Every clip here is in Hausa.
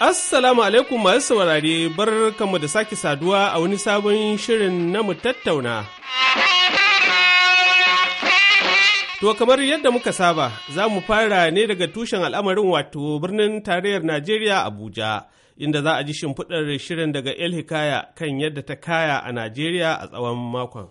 Assalamu alaikum masu saurare bar kanmu da sake saduwa a wani sabon shirin na mu tattauna. To kamar yadda muka saba za mu fara ne daga tushen al'amarin wato birnin tarayyar Najeriya Abuja inda za a ji shimfiɗar shirin daga El Hikaya kan yadda ta kaya a Najeriya a tsawon makon.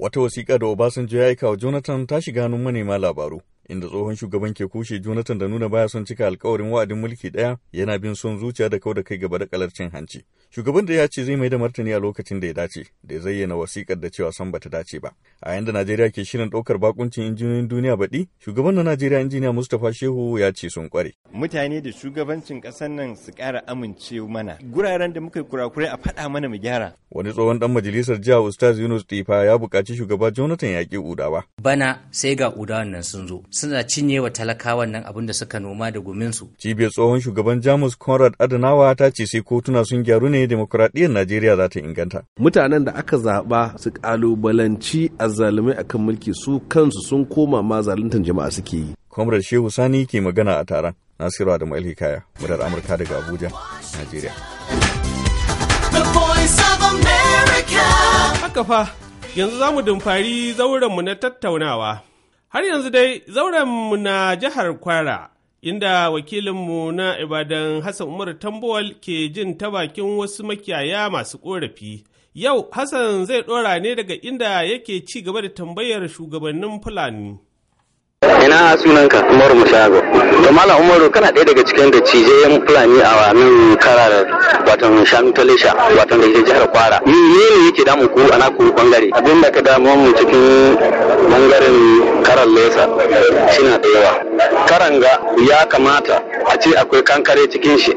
Wata wasiƙa da Obasanjo ya aika wa Jonathan ta shiga hannun manema labaru. inda tsohon shugaban ke kushe Jonathan da nuna baya son cika alkawarin wa'adin mulki ɗaya yana bin son zuciya da kauda kai gaba da kalarcin hanci. Shugaban da ya ce zai mai da martani a lokacin da ya dace, da ya zayyana wasikar da cewa san bata dace ba. A yanda Najeriya ke shirin ɗaukar bakuncin injiniyoyin duniya baɗi, shugaban na Najeriya injiniya Mustapha Shehu ya ce sun kware. Mutane da shugabancin ƙasar nan su ƙara amince mana. Guraren da muka yi kurakurai a faɗa mana mu gyara. Wani tsohon ɗan majalisar jiha Ustaz Yunus Tifa ya buƙaci shugaba Jonathan ya ƙi Udawa. Bana sai ga Udawan nan sun zo. suna cinye wa talakawa nan abin da suka noma da su Cibiyar tsohon shugaban Jamus Conrad Adenawa ta ce sai kotuna sun gyaru ne demokuraɗiyyar Najeriya za ta inganta. Mutanen da aka zaɓa su ƙalubalanci azzalumai akan mulki su kansu sun koma ma zaluntar jama'a suke yi. Comrade Shehu Sani ke magana a taron. Nasiru Adamu Alhikaya, murar Amurka daga Abuja, Najeriya. Haka fa, yanzu za mu dumfari mu na tattaunawa. Har yanzu dai zaurenmu na jihar Kwara, inda wakilinmu na Ibadan Hassan Umar Tambowal ke jin ta bakin wasu makiyaya masu ƙorafi. Yau Hassan zai ɗora ne daga inda yake ci gaba da tambayar shugabannin Fulani. ina sunanka umaru mashago to malam umaru kana ɗaya daga cikin da cijayen fulani a nan karar watan shanu talisha watan da ke jihar kwara ne yake damu ku a ku bangare abin da ka damu mu cikin bangaren kan nesa suna da yawa karanga ya kamata a ce akwai kankare cikin shi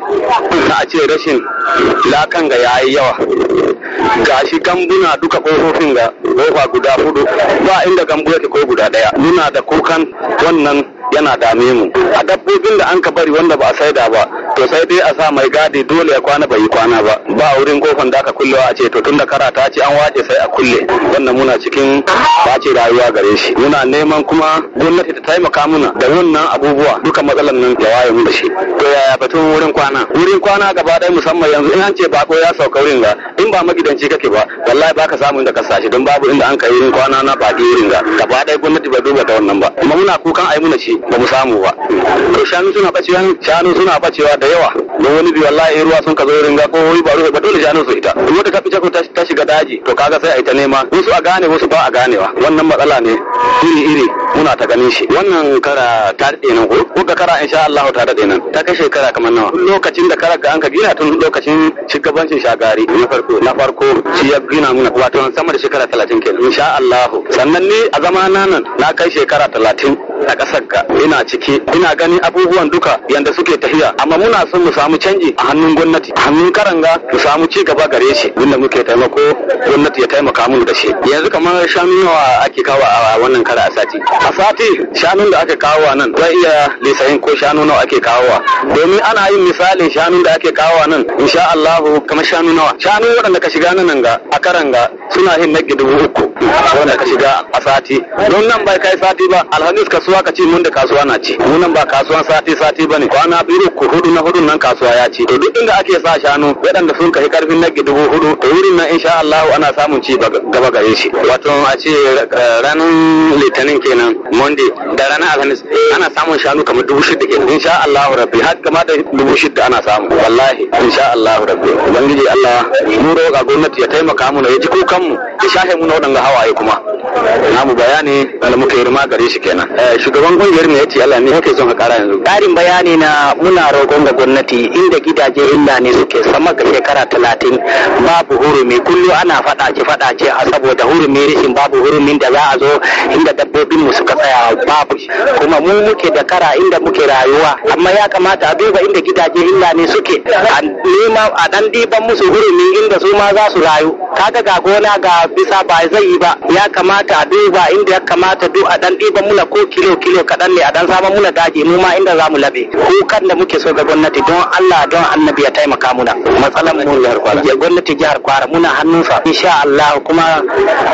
a ce rashin lakan ga yayi yawa Gashi, shi gambuna duka kofofin ga kofa guda hudu ba inda gambu yake ko guda daya muna da kukan wannan yana dame mu a dabbobin da an ka bari wanda ba a saida ba to sai dai a sa mai gadi dole ya kwana bai kwana ba ba wurin kofan da aka kullewa a ce to tunda karata ce an wace sai a kulle wannan muna cikin bace rayuwa gare shi muna neman kuma gwamnati ta taimaka muna da wannan abubuwa duka matsalan nan ya waye mu da shi to yaya batun wurin kwana wurin kwana gaba ɗaya musamman yanzu in an ce bako ya sauka wurin ga in ba magidanci kake ba wallahi baka samu inda ka sashi don babu inda an kai wurin kwana na baki wurin ga gaba ɗaya gwamnati ba duba ta wannan ba kuma muna kukan ai muna shi ba mu samu ba to shanu suna bacewa shanu suna bacewa da yawa don wani bi wallahi ruwa sun ka zo ringa ko wai ba ruwa ba dole shanu su ita in wata kafi ko ta shiga daji to kaga sai a ita nema wasu a gane wasu ba a ganewa wannan matsala ne iri iri muna ta ganin shi wannan kara ta daɗe nan ko ga kara insha Allah ta daɗe nan ta kai shekara kamar nawa lokacin da kara ga an ka gina tun lokacin shugabancin shagari na farko na farko shi ya gina muna wato sama da shekara 30 kenan insha Allah sannan ne a zamana nan na kai shekara 30 a ƙasar ka ina ciki ina ganin abubuwan duka yanda suke tafiya amma muna son mu samu canji a hannun gwamnati a hannun karanga mu samu ci gaba gare shi wanda muke taimako gwamnati ya taimaka mu da shi yanzu kamar shanu nawa ake kawo a wannan kara a sati a sati shanun da aka kawo nan zai iya lisayin ko shanu nawa ake kawo domin ana yin misalin shanun da ake kawo nan insha Allah kamar shanu nawa shanu waɗanda ka shiga nan ga a karanga suna yin nagi dubu uku wanda ka shiga a sati don nan bai kai sati ba alhamis kasuwa ka ce mun da kasuwa na ci mun nan ba kasuwan sati sati bane kwana biyu iri ku hudu na hudun nan kasuwa ya ci to duk inda ake sa shanu waɗanda sun kai karfin nagi dubu hudu to wurin nan insha Allah ana samun ci gaba gare shi wato a ce eh, ranar litinin kenan monday da ranar alhamis ana samun shanu kamar dubu shida kenan insha Allah rabbi har kama da dubu shida ana samu wallahi insha Allah rabbi ubangiji Allah mu roƙa gwamnati ya taimaka mu ya ji kukan mu ya shahe mu na waɗanda hawaye kuma namu bayani da muka yi rima gare shi kenan eh, shugaban kungiyar ne yace Allah ne kake son a kara yanzu karin bayani na muna roƙon ga gwamnati inda gidaje illa ne suke sama ga shekara talatin babu hurumi kullu ana faɗace faɗace a saboda hurumi rishin babu hurumin da za a zo inda dabbobin mu suka tsaya babu kuma mu muke da kara inda muke rayuwa amma ya kamata a duba inda gidaje illa ne suke a nema a dan diban musu hurumi inda su ma za su rayu kaga ga gona ga bisa ba zai yi ba ya kamata ta duba inda ya kamata duk a dan ɗiba muna ko kilo kilo kaɗan ne a dan samun muna daji mu ma inda za mu labe kukan da muke so ga gwamnati don Allah don annabi ya taimaka muna Matsalan mu jihar Kwara ya gwamnati jihar Kwara muna hannunsa insha Allah kuma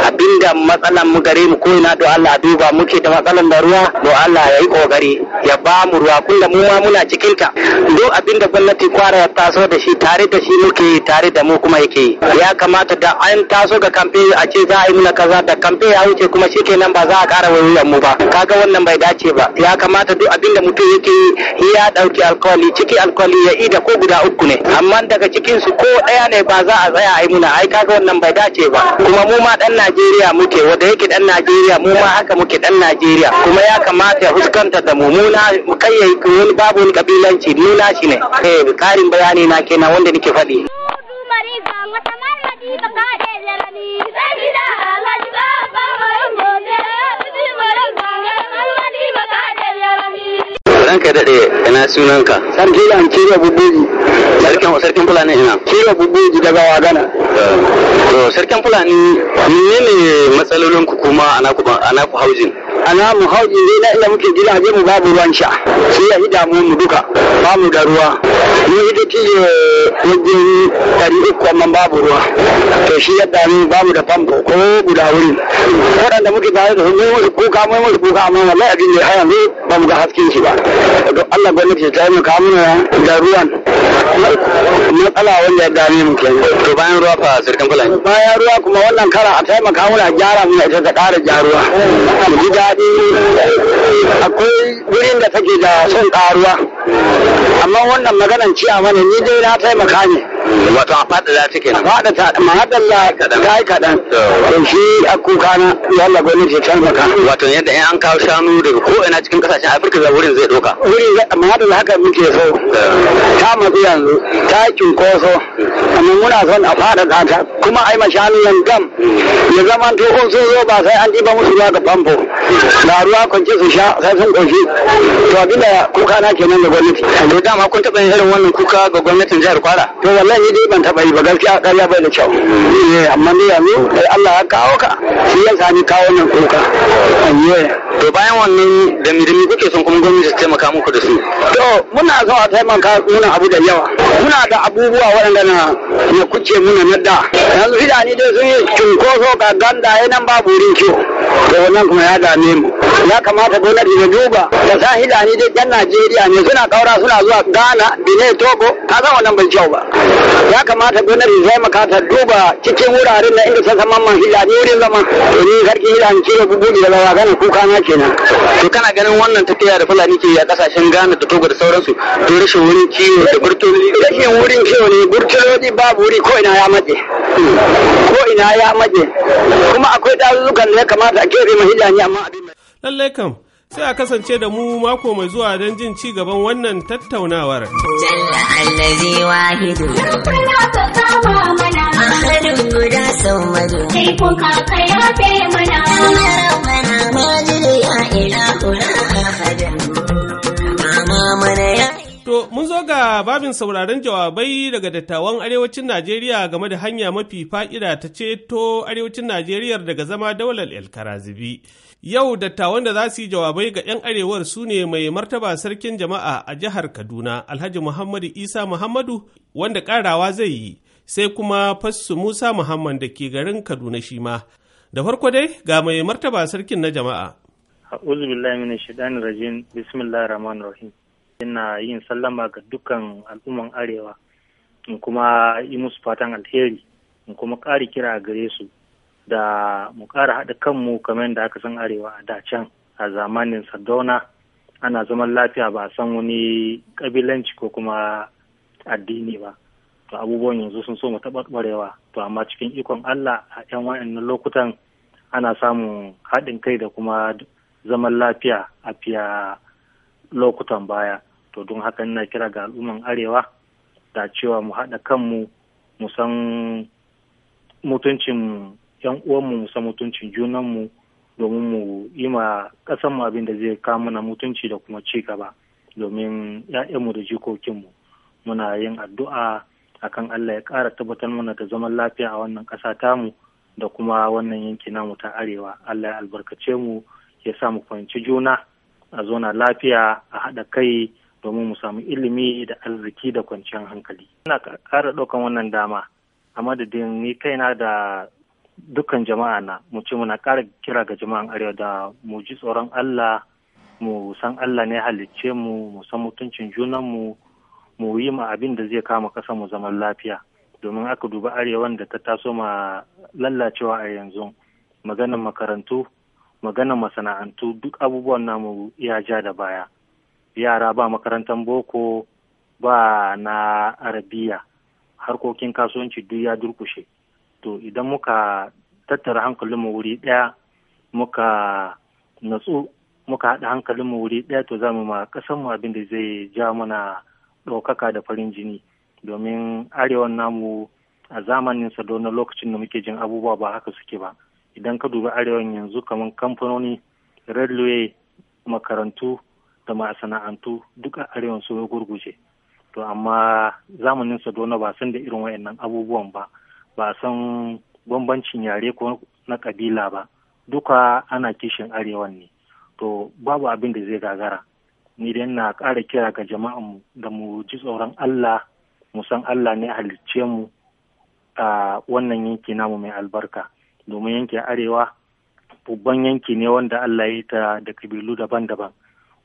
abinda matsalan mu gare mu ko ina don Allah duba muke da matsalan da ruwa don Allah ya yi kokari ya ba mu ruwa kullum mu ma muna cikin ta duk abinda gwamnati Kwara ya taso da shi tare da shi muke tare da mu kuma yake ya kamata da an taso ga kamfe a ce za a yi muna kaza da kamfe ya wuce kuma kenan ba za a kara wayoyin mu ba kaga wannan bai dace ba ya kamata duk abin da mutum yake yi ya ɗauki alkawali ciki alkawali ya ida ko guda uku ne amma daga cikin su ko daya ne ba za a tsaya a muna ai kaga wannan bai dace ba kuma mu ma ɗan Najeriya muke wanda yake dan Najeriya mu ma haka muke ɗan Najeriya kuma ya kamata ya fuskanta da mu muna kai wani babu wani kabilanci nuna shi ne eh ƙarin bayani na kenan wanda nake faɗi. Wata mara ba ranka daɗe ina ka. Sarki da an kira bubbeji. Sarkin sarkin Fulani ina. Kira bubbeji daga Wagana. Eh, to sarkin Fulani menene matsalolin ku kuma ana ku ana ku haujin? Ana mu haujin dai na inda muke gidaje mu babu ruwan sha. Sai ya idamu mu duka. Ba mu da ruwa. ni ita tiye eh, wajen ɗari uku amma babu ruwa to shi yadda ne babu da famfo ko guda wuri waɗanda muke tare da sun musu kuka mun musu kuka amma wallahi abin da har yanzu ba mu ga hasken shi ba don Allah gwamnati ta yi mu mana da ruwan matsala wanda ya dame mu kenan to bayan ruwa fa sirkan fulani bayan ruwa kuma wannan kara a taimaka mana gyara mu ya ta ƙara gyaruwa mu ji daɗi akwai wurin da take da son ƙaruwa amma wannan maganan ciya mana ni dai na taimaka ne wato a faɗaɗa ta kenan faɗaɗa ma haɗalla ta yi kaɗan to shi a kuka na yalla gwamnati ta taimaka wato yadda in an kawo shanu daga ko ina cikin ƙasashen afirka da wurin zai ɗauka wurin ma haɗalla haka muke so eh. ta matsu yanzu ta cunkoso amma muna son a faɗaɗa ta kuma ai ma shanu yan gam ya zama to ko sun zo ba sai an ɗiba musu ruwa ga famfo ga ruwa kwance su sha sai sun ƙoshi to abinda kuka na kenan ga gwamnati to dama kun taɓa yin irin wannan kuka ga gwamnatin jihar kwara to wallahi zan yi dai ban taɓa yi ba gaskiya ƙarya bai da kyau eh, amma ni yanzu kai Allah ya kawo ka shi ya sani kawo nan kuka eh. to bayan wannan da mi da kuke son kuma gwamnati ta taimaka muku da su to muna so a taimaka muna abu da yawa muna da abubuwa waɗanda na na kuce muna na da yanzu idani dai sun yi cunkoso ga ganda nan babu wurin kyau to wannan kuma ya dame mu ya kamata gwamnati da duba da sa ne dai yan Najeriya ne suna kaura suna zuwa Ghana, Benin, Togo, ka ga wannan bai kyau ba. Ya kamata gwamnati ta taimaka ta duba cikin wuraren na inda sun saman man ne wurin zama. To ni sarki hilani ne da gugu da zawa gana kuka na kenan. To kana ganin wannan tafiya da Fulani ke a kasashen Ghana da Togo da sauransu to rashin wurin kiwo da burtoli. Rashin wurin kiwo ne burtoli babu wuri ko ina ya maje. Ko ina ya maje. Kuma akwai dalilukan da ya kamata a kebe ne amma abin Lallai kam, sai a kasance da mu mako mai zuwa don jin ci gaban wannan tattaunawar. Jalla allazi wahidu. Yankuna ka kama mana. Ahadun guda sau madu. Laifin kaka ya fe mana. Ya rabbana majidu ya ilahuna ahadin. Mama mana ya To, mun zo ga babin sauraron jawabai daga dattawan arewacin Najeriya game da hanya mafi fa'ida ta ceto arewacin Najeriya daga zama daular El Karazibi. Yau dattawan da za su yi jawabai ga 'yan arewar su ne mai martaba sarkin jama'a a jihar Kaduna, Alhaji Muhammadu Isa Muhammadu, wanda karawa zai yi, sai kuma Fassu Musa Muhammad da ke garin Kaduna shi ma. Da farko dai ga mai martaba sarkin na jama'a. A'udhu billahi minash shaitanir rajim. Bismillahir rahmanir rahim. ina yin sallama ga dukkan al'umman arewa in kuma yi musu fatan alheri in kuma ƙari kira a gare su da mu ƙara haɗa kanmu kamar da aka san arewa a da can a zamanin sardauna ana zaman lafiya ba a san wani ƙabilanci ko kuma addini ba to abubuwan yanzu sun so mu taɓaɓarewa to amma cikin ikon allah a 'yan wa'annan lokutan ana samun haɗin kai da kuma zaman lafiya a fiya lokutan baya to don haka na kira ga al'umman arewa da cewa mu haɗa kanmu mu san mutuncin yan uwanmu mu san mutuncin junanmu domin mu yi ma mu abin da zai kawo mana mutunci da kuma ci gaba domin 'ya'yanmu da jikokinmu muna yin addu'a akan Allah ya ƙara tabbatar mana da zaman lafiya a wannan ƙasa tamu da kuma wannan yanki namu ta arewa Allah ya albarkace mu ya sa mu fahimci juna a zona lafiya a haɗa kai domin mu samu ilimi da arziki da kwanciyar hankali. Ina ƙara ɗaukan wannan dama a madadin ni kaina da dukkan jama'a na mu ce muna ƙara kira ga jama'an arewa da mu ji tsoron Allah mu san Allah ne halicce mu mu san mutuncin junan mu mu yi ma abin da zai kama ƙasa mu zaman lafiya domin aka duba arewa da ta taso ma lallacewa a yanzu maganin makarantu maganar masana'antu duk abubuwan namu ya ja da baya yara ba makarantar boko ba na arabiya harkokin kasuwanci duk ya durkushe to idan muka tattara hankalinmu wuri ɗaya muka natsu muka haɗa hankalinmu wuri ɗaya to za mu ma ƙasanmu abin da zai ja mana ɗaukaka da farin jini domin arewan namu a zamanin sa na lokacin da muke jin abubuwa ba haka suke ba idan ka duba arewan yanzu kamar kamfanoni railway makarantu da masana'antu duk a arewan su gurguje to amma zamanin sadona ba san da irin wayannan abubuwan ba ba san bambancin yare ko na kabila ba duka ana kishin arewan ne to babu abin da zai gagara ni dai na ƙara kira ga jama'an da mu ji tsoron Allah mu san Allah ne halicce mu a wannan yanki namu mai albarka domin yankin arewa babban yanki ne wanda Allah ya ta da kabilu daban-daban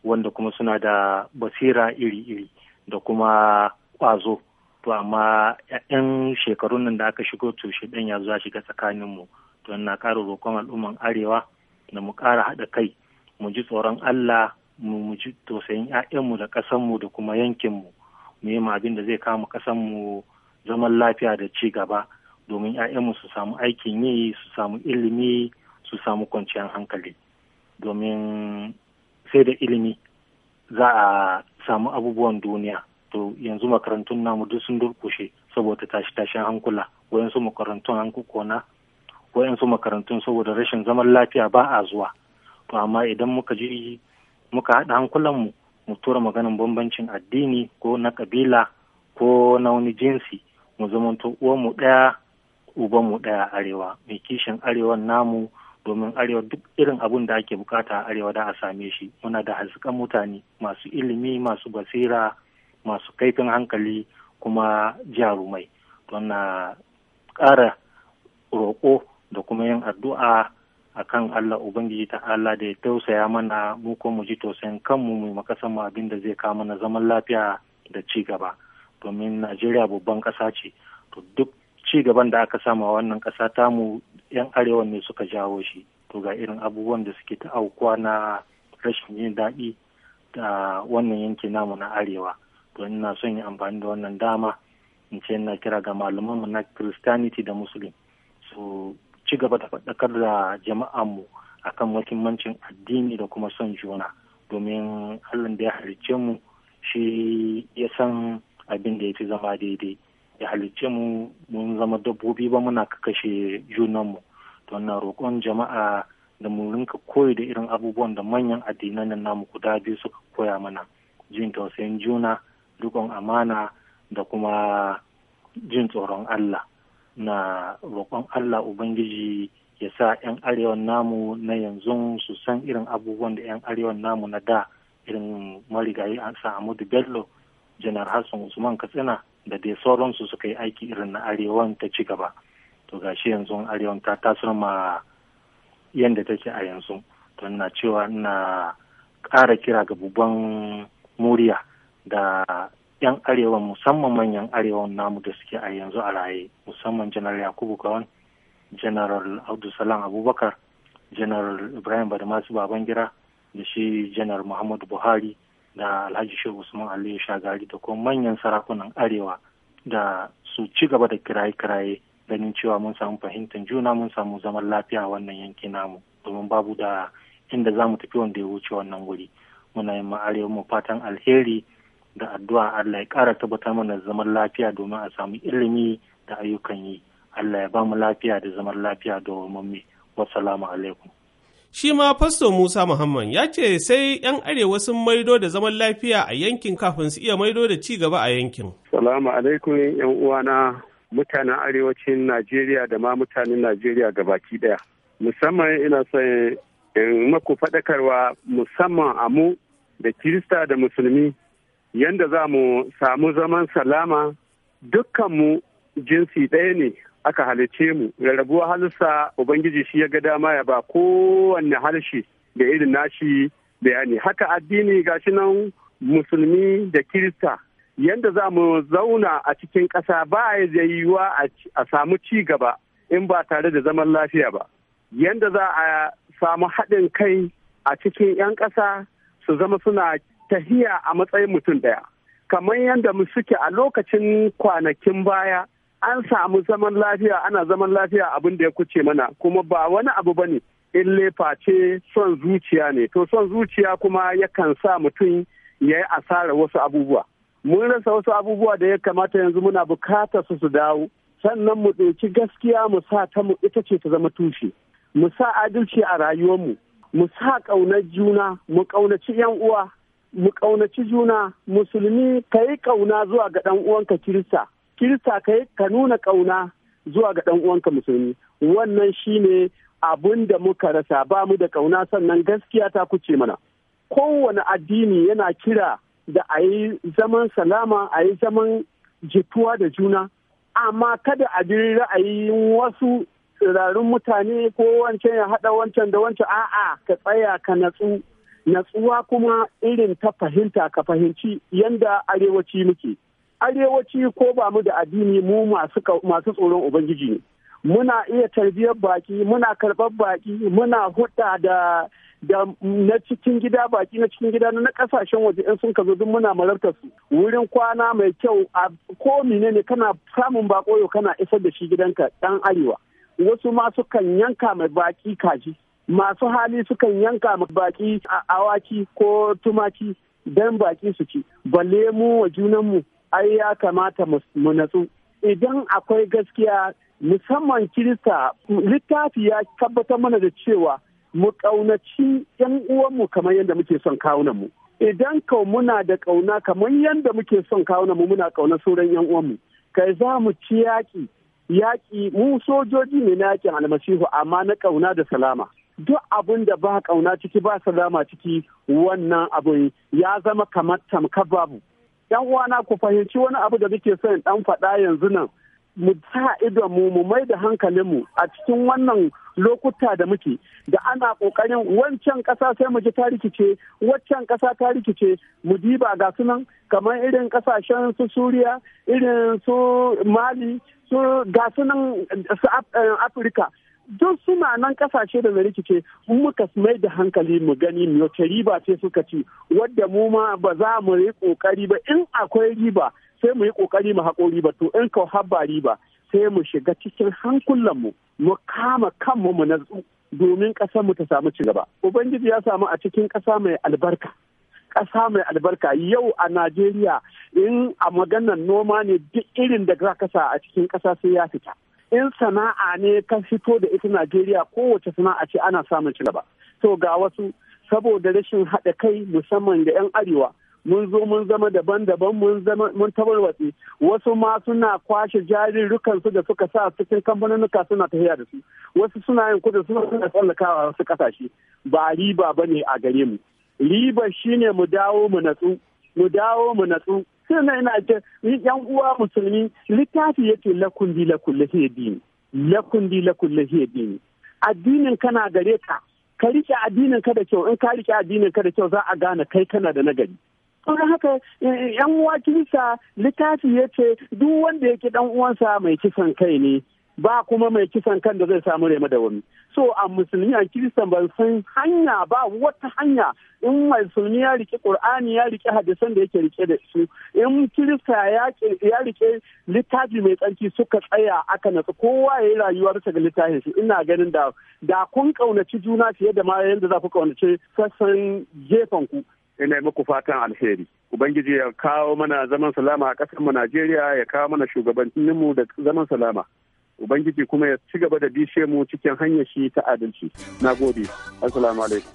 wanda kuma suna da basira iri-iri da kuma ƙwazo to amma 'yan shekarun nan da aka shigo to shi ɗan ya zuwa shiga tsakanin mu to ina ƙara roƙon al'umman arewa da mu ƙara haɗa kai mu ji tsoron Allah mu ji tausayin mu da mu da kuma yankin mu yi abin da zai kama mu zaman lafiya da ci gaba domin 'ya'yanmu su samu aikin yi su samu ilimi su samu kwanciyar hankali domin sai da ilimi za a samu abubuwan duniya to yanzu makarantun namu duk sun durkushe saboda tashi tashin hankula wayansu makarantun hankukona wayansu makarantun saboda rashin zaman lafiya ba a zuwa to amma idan muka ji muka haɗa hankulanmu mu tura maganin bambancin addini ko na kabila ko na wani jinsi mu zamanto uwanmu ɗaya ubanmu ɗaya arewa mai kishin arewan namu domin arewa duk irin abun da ake bukata a arewa da a same shi muna da hasukan mutane masu ilimi masu basira masu kaifin hankali kuma jarumai don na ƙara roƙo da kuma yin addu'a a kan Allah Ubangiji ta Allah da ya tausaya mana mu ko mu ji tausayin kanmu mu makasan mu abin da zai kawo mana zaman lafiya da ci gaba domin Najeriya babban ƙasa ce to duk ci gaban da aka sama wannan ƙasa tamu 'yan arewa ne suka jawo shi to ga irin abubuwan da suke ta aukuwa na rashin yin daɗi da wannan yanki namu na arewa to ina son yi amfani da wannan dama in ce ina kira ga malamanmu na christianity da muslim su ci gaba da faɗakar da jama'an jama'anmu akan muhimmancin addini da kuma son juna domin allah da ya halicce mu shi ya san abin da ya fi zama daidai ya halicce mu mun zama dabbobi ba muna kakashe junanmu to na roƙon jama'a da mu rinka koyi da irin abubuwan da manyan addinan namu guda biyu suka koya mana jin tausayin juna rikon amana da kuma jin tsoron Allah na roƙon Allah Ubangiji ya sa 'yan arewan namu na yanzu su san irin abubuwan da 'yan arewan namu na da irin marigayi a Sa'amudu Bello janar Hassan Usman Katsina da dai sauransu suka yi aiki irin na arewan ta ci gaba to gashi yanzu arewan ta tasar ma yadda take a yanzu to na cewa na ƙara kira ga bubban muriya da 'yan arewan musamman manyan arewan namu da suke a yanzu a raye musamman janar yakubu kawan audu abdulsalam abubakar janar ibrahim badamasu babangira da shi janar muhammadu buhari da alhaji shehu usman aliyu shagari da kuma manyan sarakunan arewa da su ci gaba da kiraye-kiraye ganin cewa mun samu fahimtar juna mun samu zaman lafiya a wannan yanki namu domin babu da inda za mu tafi wanda ya wuce wannan wuri muna yin ma'arewa mu fatan alheri da addu'a Allah ya kara tabbatar mana zaman lafiya domin a samu ilimi da ayyukan yi Allah ya ba mu lafiya da zaman lafiya domin mu wassalamu alaikum Shi ma Fasto Musa Muhammad ya ce sai 'yan arewa sun maido da zaman lafiya a yankin kafin su iya maido da ci gaba a yankin. Salamu alaikum 'yan uwana mutanen arewacin Najeriya da ma mutanen Najeriya gabaki daya. Musamman ina son in maku faɗakarwa musamman a mu da Kirista da Musulmi yanda za mu samu zaman salama dukkanmu jinsi ɗaya ne aka halice mu rarrabuwar halussa ubangiji shi ya ga dama ya ba kowanne harshe da irin nashi bayani haka addini gashi nan musulmi da kirista yadda za mu zauna a cikin ƙasa ba ya yiwuwa a samu ci gaba in ba tare da zaman lafiya ba yadda za a samu haɗin kai a cikin 'yan ƙasa su zama suna tahiya a matsayin mutum ɗaya kamar yadda mu suke a lokacin kwanakin baya an samu zaman lafiya ana zaman lafiya abin da ya kuce mana kuma ba wani abu ba ne in lefa ce son zuciya ne to son zuciya kuma yakan sa mutum ya yi asarar wasu abubuwa mun rasa wasu abubuwa da ya kamata yanzu muna bukatar su su dawo sannan mu ɗauki gaskiya mu sa ta mu ita ce ta zama tushe mu sa adalci a rayuwarmu mu sa ƙaunar juna mu ƙaunaci yan uwa mu ƙaunaci juna musulmi ka yi ƙauna zuwa ga ɗan uwanka kirista kirista kai ka nuna kauna zuwa ga ɗan uwanka musulmi wannan shine abun da muka rasa ba mu da ƙauna sannan gaskiya ta kuce mana kowane addini yana kira da a yi zaman salama a yi zaman jituwa da juna amma kada a bi ra'ayin wasu tsirarun mutane ko wancan ya haɗa wancan da wancan a'a ka tsaya ka natsu natsuwa kuma irin ta fahimta ka fahimci yanda arewaci muke arewaci ko ba mu da addini mu masu tsoron ubangiji ne muna iya tarbiyar baki muna karɓar baki muna huɗa da na cikin gida baki na cikin gida na kasashen waje in sun ka zo duk muna marabtar su wurin kwana mai kyau a ko ne kana samun bako yau kana isar da shi gidanka dan arewa wasu ma sukan yanka mai baki kaji masu hali sukan yanka mai baki a awaki ko tumaki dan baki su ci balle mu wa mu. ai ya kamata mu natsu idan akwai gaskiya musamman kirista littafi ya tabbatar mana da cewa mu ƙaunaci 'yan uwanmu kamar yadda muke son kawunanmu idan ka muna da ƙauna kamar yadda muke son kawunan mu muna ƙauna sauran 'yan uwanmu kai za mu ci yaƙi yaƙi mu sojoji ne na yaƙin almasihu amma na ƙauna da salama duk abin da ba ƙauna ciki ba salama ciki wannan abin ya zama kamar tamkar babu yan uwana ku fahimci wani abu da muke son dan faɗa yanzu nan mu sa idon mu mu mai da mu a cikin wannan lokuta da muke da ana kokarin wancan kasa sai mu ji ta ce waccan kasa ta rikice mu diba ga sunan kamar irin kasashen su suriya irin su mali su ga sunan su eh, afirka don suna nan kasashe da na rikice in muka mai da hankali mu gani mu ta riba ce suka ci wadda mu ma ba za mu yi kokari ba in akwai riba sai mu yi kokari mu haƙo riba to in ka habba riba sai mu shiga cikin hankulan mu mu kama kanmu mu natsu domin ƙasar mu ta samu ci gaba ubangiji ya samu a cikin ƙasa mai albarka ƙasa mai albarka yau a najeriya in a maganar noma ne duk irin da za ka sa a cikin ƙasa sai ya fita in sana'a ne ka fito da ita Najeriya kowace sana'a ce ana samun ci gaba. To ga wasu saboda rashin haɗa kai musamman ga 'yan arewa mun zo mun zama daban-daban mun zama mun wasu ma suna kwashe jarin rukansu da suka sa cikin kamfanonuka suna tafiya da su wasu suna yin kudin suna suna tsallakawa wasu kasashe ba riba ba ne a gare mu riba shine mu dawo mu natsu mu dawo mu natsu sai na ina yan uwa musulmi littafi yake lakun di lakun lahiya dini lakun di lakun lahiya addinin kana gare ka ka rike addinin ka da kyau in ka rike addinin ka da kyau za a gane kai kana da nagari don haka eh, yan uwa kirista littafi ya ce duk wanda yake dan uwansa mai kisan kai ne ba kuma mai kisan kan da zai samu rema da wani so a musulmi a kiristan ban san hanya ba wata hanya in musulmi ya rike qur'ani ya rike hadisan da yake rike da su in kirista ya rike littafi mai tsarki suka tsaya aka nasu. kowa ya yi rayuwar ta ga littafin shi ina ganin da da kun kaunaci juna fiye da ma yanda za ku kaunaci sassan gefen ku ina yi muku fatan alheri ubangiji ya kawo mana zaman salama a ƙasar mu Najeriya ya kawo mana shugabanninmu da zaman salama ubangiji kuma ya ci gaba da bishe mu cikin hanyar shi ta adalci na gode assalamu alaikum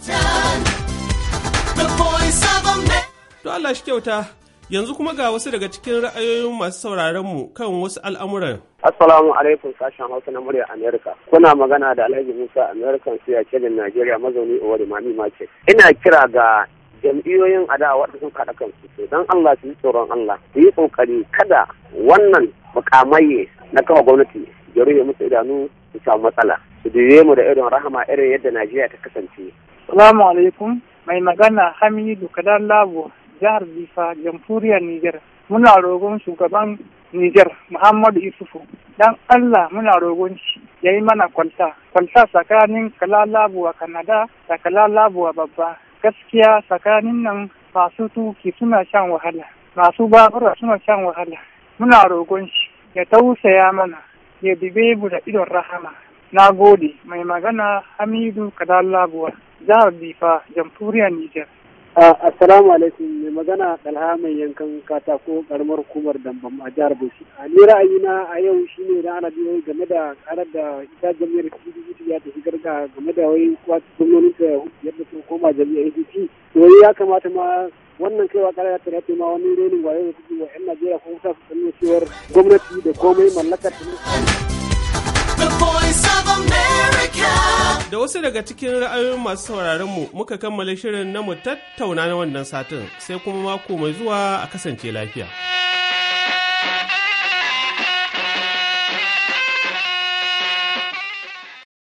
to Allah shi kyauta yanzu kuma ga wasu daga cikin ra'ayoyin masu sauraron mu kan wasu al'amuran Assalamu alaikum sashen Hausa na murya Amerika. Kuna magana da Alhaji Musa American siya Kedin Najeriya mazauni wani Mami mace. Ina kira ga jam'iyoyin adawa da sun kaɗa kansu to don Allah su yi tsoron Allah su yi kokari kada wannan mukamai na kawo gwamnati ya rufe musu idanu su samu matsala su dube mu da irin rahama irin yadda Najeriya ta kasance. Salamu alaikum mai magana Hamidu Kadan Labo jihar Bifa jamhuriyar Nijar. Muna rogon shugaban Nijar Muhammadu Isufu dan Allah muna rogon shi ya yi mana kwalta. Kwalta tsakanin a Kanada da a babba. Gaskiya tsakanin nan masu tuki suna shan wahala. Masu babura suna shan wahala. Muna rogon shi ya tausaya mana. ya dube mu da idon rahama na gode mai magana hamidu kadalabuwa jihar difa jamhuriyar nijar Assalamu alaikum mai magana ɗalha mai yankan katako karamar hukumar dambam a jihar Bauchi. A ni ra'ayina a yau shine na ana biyo game da karar da ita jami'ar PDP ya tafi garga game da wai wasu gwamnonin ta yadda sun koma jami'ar PDP. To ya kamata ma wannan kaiwa kara ta rafe ma wani renin wayo da kuke wa 'yan Najeriya ko kusa su cewar gwamnati da komai mallakar ta Da wasu daga cikin ra'ayoyin masu sauraron mu muka kammala shirin na tattauna na wannan satin sai kuma mako mai zuwa a kasance lafiya.